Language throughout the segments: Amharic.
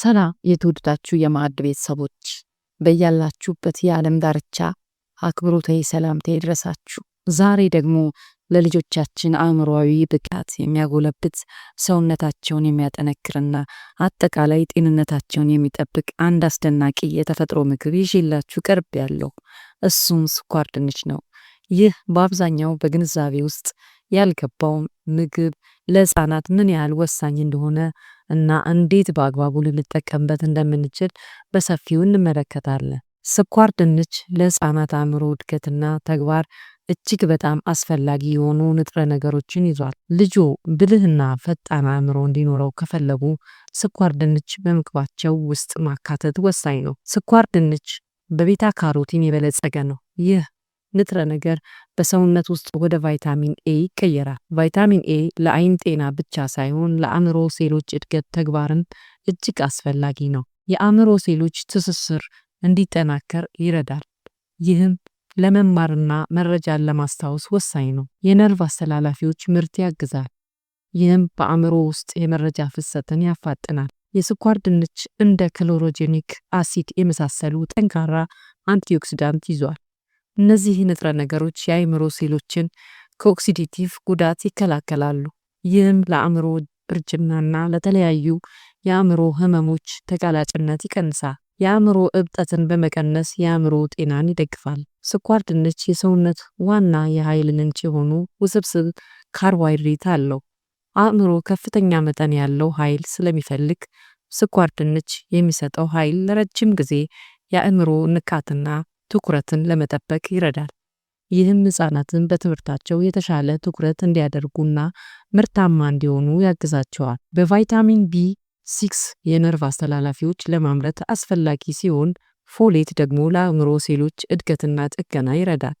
ሰላም የተወደዳችሁ የማዕድ ቤተሰቦች በያላችሁበት የዓለም ዳርቻ አክብሮታዊ ሰላምታ ይድረሳችሁ። ዛሬ ደግሞ ለልጆቻችን አእምሯዊ ብቃት የሚያጎለብት ሰውነታቸውን የሚያጠነክርና አጠቃላይ ጤንነታቸውን የሚጠብቅ አንድ አስደናቂ የተፈጥሮ ምግብ ይዤላችሁ ቅርብ ያለው እሱም ስኳር ድንች ነው። ይህ በአብዛኛው በግንዛቤ ውስጥ ያልገባው ምግብ ለሕፃናት ምን ያህል ወሳኝ እንደሆነ እና እንዴት በአግባቡ ልንጠቀምበት እንደምንችል በሰፊው እንመለከታለን። ስኳር ድንች ለህፃናት አእምሮ እድገትና ተግባር እጅግ በጣም አስፈላጊ የሆኑ ንጥረ ነገሮችን ይዟል። ልጆ ብልህና ፈጣን አእምሮ እንዲኖረው ከፈለጉ ስኳር ድንች በምግባቸው ውስጥ ማካተት ወሳኝ ነው። ስኳር ድንች በቤታ ካሮቲን የበለጸገ ነው። ይህ ንጥረ ነገር በሰውነት ውስጥ ወደ ቫይታሚን ኤ ይቀየራል። ቫይታሚን ኤ ለአይን ጤና ብቻ ሳይሆን ለአእምሮ ሴሎች እድገት ተግባርን እጅግ አስፈላጊ ነው። የአእምሮ ሴሎች ትስስር እንዲጠናከር ይረዳል። ይህም ለመማርና መረጃን ለማስታወስ ወሳኝ ነው። የነርቭ አስተላላፊዎች ምርት ያግዛል። ይህም በአእምሮ ውስጥ የመረጃ ፍሰትን ያፋጥናል። የስኳር ድንች እንደ ክሎሮጄኒክ አሲድ የመሳሰሉ ጠንካራ አንቲኦክሲዳንት ይዟል። እነዚህ ንጥረ ነገሮች የአእምሮ ሴሎችን ከኦክሲዲቲቭ ጉዳት ይከላከላሉ። ይህም ለአእምሮ እርጅናና ለተለያዩ የአእምሮ ህመሞች ተጋላጭነት ይቀንሳል። የአእምሮ እብጠትን በመቀነስ የአእምሮ ጤናን ይደግፋል። ስኳር ድንች የሰውነት ዋና የኃይል ምንጭ የሆኑ ውስብስብ ካርቦሃይድሬት አለው። አእምሮ ከፍተኛ መጠን ያለው ኃይል ስለሚፈልግ ስኳር ድንች የሚሰጠው ኃይል ለረጅም ጊዜ የአእምሮ ንቃትና ትኩረትን ለመጠበቅ ይረዳል። ይህም ሕፃናትን በትምህርታቸው የተሻለ ትኩረት እንዲያደርጉና ምርታማ እንዲሆኑ ያግዛቸዋል። በቫይታሚን ቢ ሲክስ የነርቭ አስተላላፊዎች ለማምረት አስፈላጊ ሲሆን ፎሌት ደግሞ ለአእምሮ ሴሎች እድገትና ጥገና ይረዳል።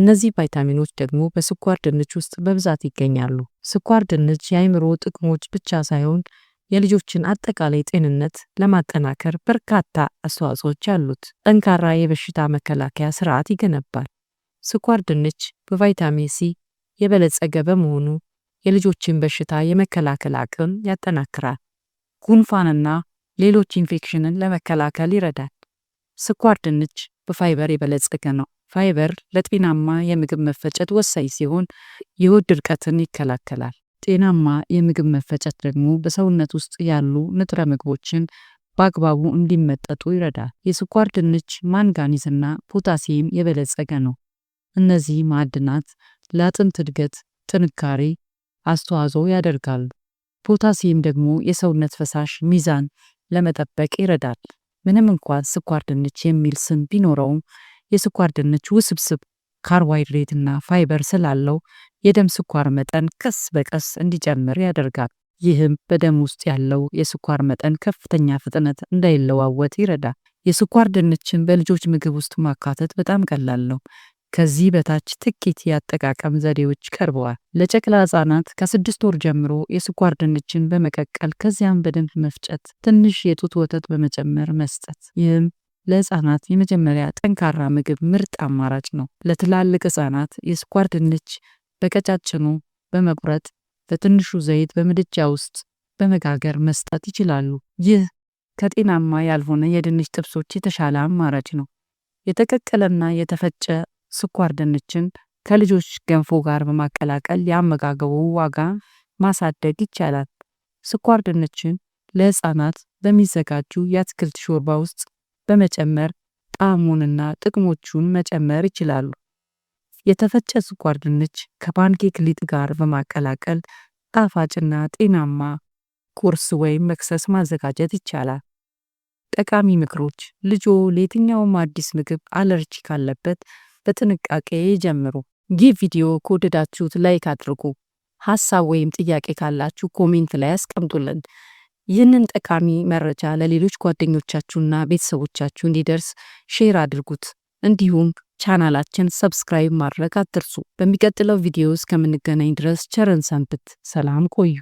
እነዚህ ቫይታሚኖች ደግሞ በስኳር ድንች ውስጥ በብዛት ይገኛሉ። ስኳር ድንች የአእምሮ ጥቅሞች ብቻ ሳይሆን የልጆችን አጠቃላይ ጤንነት ለማጠናከር በርካታ አስተዋጽኦች አሉት። ጠንካራ የበሽታ መከላከያ ስርዓት ይገነባል። ስኳር ድንች በቫይታሚን ሲ የበለጸገ በመሆኑ የልጆችን በሽታ የመከላከል አቅም ያጠናክራል። ጉንፋንና ሌሎች ኢንፌክሽንን ለመከላከል ይረዳል። ስኳር ድንች በፋይበር የበለጸገ ነው። ፋይበር ለጤናማ የምግብ መፈጨት ወሳኝ ሲሆን የሆድ ድርቀትን ይከላከላል። ጤናማ የምግብ መፈጨት ደግሞ በሰውነት ውስጥ ያሉ ንጥረ ምግቦችን በአግባቡ እንዲመጠጡ ይረዳል። የስኳር ድንች ማንጋኒዝና ፖታሲየም የበለጸገ ነው። እነዚህ ማዕድናት ለአጥንት እድገት ጥንካሬ አስተዋጽኦ ያደርጋሉ። ፖታሲየም ደግሞ የሰውነት ፈሳሽ ሚዛን ለመጠበቅ ይረዳል። ምንም እንኳን ስኳር ድንች የሚል ስም ቢኖረውም የስኳር ድንች ውስብስብ ካርቦሃይድሬት እና ፋይበር ስላለው የደም ስኳር መጠን ቀስ በቀስ እንዲጨምር ያደርጋል። ይህም በደም ውስጥ ያለው የስኳር መጠን ከፍተኛ ፍጥነት እንዳይለዋወጥ ይረዳል። የስኳር ድንችን በልጆች ምግብ ውስጥ ማካተት በጣም ቀላል ነው። ከዚህ በታች ጥቂት የአጠቃቀም ዘዴዎች ቀርበዋል። ለጨቅላ ህጻናት ከስድስት ወር ጀምሮ የስኳር ድንችን በመቀቀል ከዚያም በደንብ መፍጨት፣ ትንሽ የጡት ወተት በመጨመር መስጠት። ይህም ለህፃናት የመጀመሪያ ጠንካራ ምግብ ምርጥ አማራጭ ነው። ለትላልቅ ህፃናት የስኳር ድንች በቀጫጭኑ በመቁረጥ በትንሹ ዘይት በምድጃ ውስጥ በመጋገር መስጠት ይችላሉ። ይህ ከጤናማ ያልሆነ የድንች ጥብሶች የተሻለ አማራጭ ነው። የተቀቀለና የተፈጨ ስኳር ድንችን ከልጆች ገንፎ ጋር በማቀላቀል የአመጋገቡ ዋጋ ማሳደግ ይቻላል። ስኳር ድንችን ለህፃናት በሚዘጋጁ የአትክልት ሾርባ ውስጥ በመጨመር ጣዕሙንና ጥቅሞቹን መጨመር ይችላሉ። የተፈጨ ስኳር ድንች ከፓንኬክ ሊጥ ጋር በማቀላቀል ጣፋጭና ጤናማ ቁርስ ወይም መክሰስ ማዘጋጀት ይቻላል። ጠቃሚ ምክሮች ልጆ ለየትኛውም አዲስ ምግብ አለርጂ ካለበት በጥንቃቄ ይጀምሩ። ይህ ቪዲዮ ከወደዳችሁት ላይክ አድርጉ። ሀሳብ ወይም ጥያቄ ካላችሁ ኮሜንት ላይ አስቀምጡልን። ይህንን ጠቃሚ መረጃ ለሌሎች ጓደኞቻችሁና ቤተሰቦቻችሁ እንዲደርስ ሼር አድርጉት። እንዲሁም ቻናላችን ሰብስክራይብ ማድረግ አትርሱ። በሚቀጥለው ቪዲዮ እስከምንገናኝ ድረስ ቸርን ሰንብት። ሰላም ቆዩ።